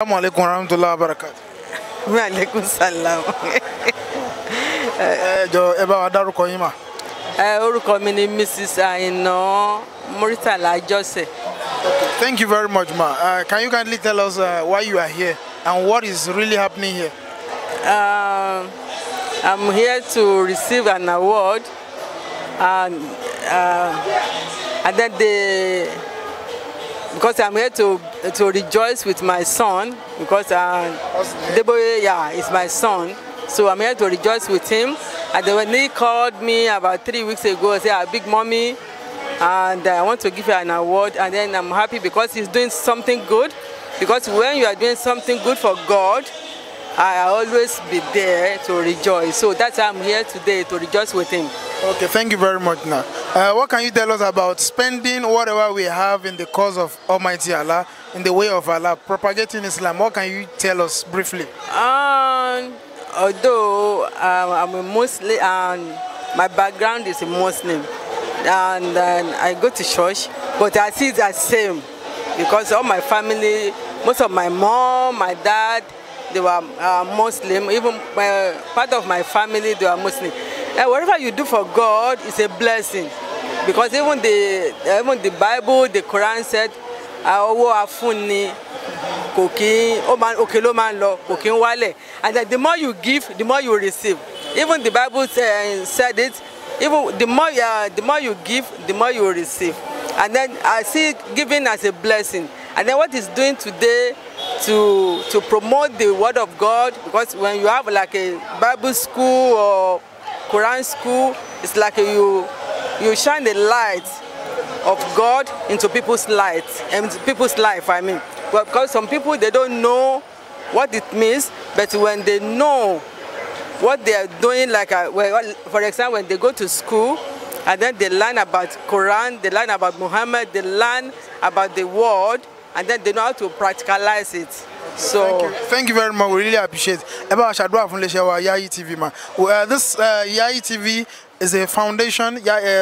Assalamu alaikum warahmatullahi wabarakatuh. Wa alaikum salam. Ẹ jọ ẹ bá wa dárúkọ yín mà. Ẹ orúkọ Muritala Jose. thank you very much ma. Uh, can you kindly tell us uh, why you are here and what is really happening here? Uh, I'm here to receive an award and, uh, and then the because I'm here to to rejoice with my son because uh, Deboye, yeah, is my son. So I'm here to rejoice with him. And then when he called me about three weeks ago, say said, ah, "Big mommy," and I want to give you an award. And then I'm happy because he's doing something good. Because when you are doing something good for God, I always be there eh, to rejoice. So that's why I'm here today to rejoice with him. Okay, thank you very much. Now, uh, what can you tell us about spending whatever we have in the cause of Almighty Allah, in the way of Allah, propagating Islam? What can you tell us briefly? Um, although uh, I'm a Muslim and my background is a Muslim, and uh, I go to church, but I see it same because all my family, most of my mom, my dad, they were uh, Muslim. Even my, part of my family, they were Muslim. And whatever you do for God is a blessing. Because even the, even the Bible, the Quran said, owó afúnni kò kí ó lo, òkè ló máa and then the more you give the more you receive even the Bible uh, said it even the more uh, the more you give the more you receive and then I see giving as a blessing and then what he's doing today to to promote the word of God because when you have like a Bible school or Quran school, it's like you you shine the light of God into people's light and people's life. I mean, well, because some people they don't know what it means, but when they know what they are doing, like a, uh, well, for example, when they go to school and then they learn about Quran, they learn about Muhammad, they learn about the word and then they know how to practicalize it. so thank you. thank you very much. We really appreciate. Ẹ bá wa ṣàdúrà fún iléeṣẹ́ wa Yai TV man. Uh, this uh, Yayi TV is a foundation uh,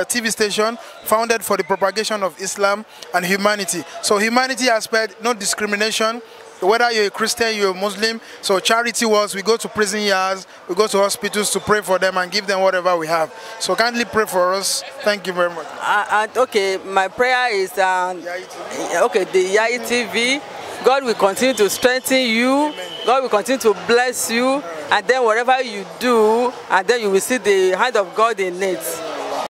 TV station founded for the propagation of Islam and humanity. So humanity aspect, no discrimination, whether you're a Christian, you're a Muslim. So charity was. we go to prison yards, we go to hospitals to pray for them and give them whatever we have. So kindly pray for us. Thank you very much. Uh, uh, okay, my prayer is, um, okay, the Yai TV. God will continue to strengthen you. Amen. God will continue to bless you. Amen. And then whatever you do, and then you will see the hand of God in it. Amen.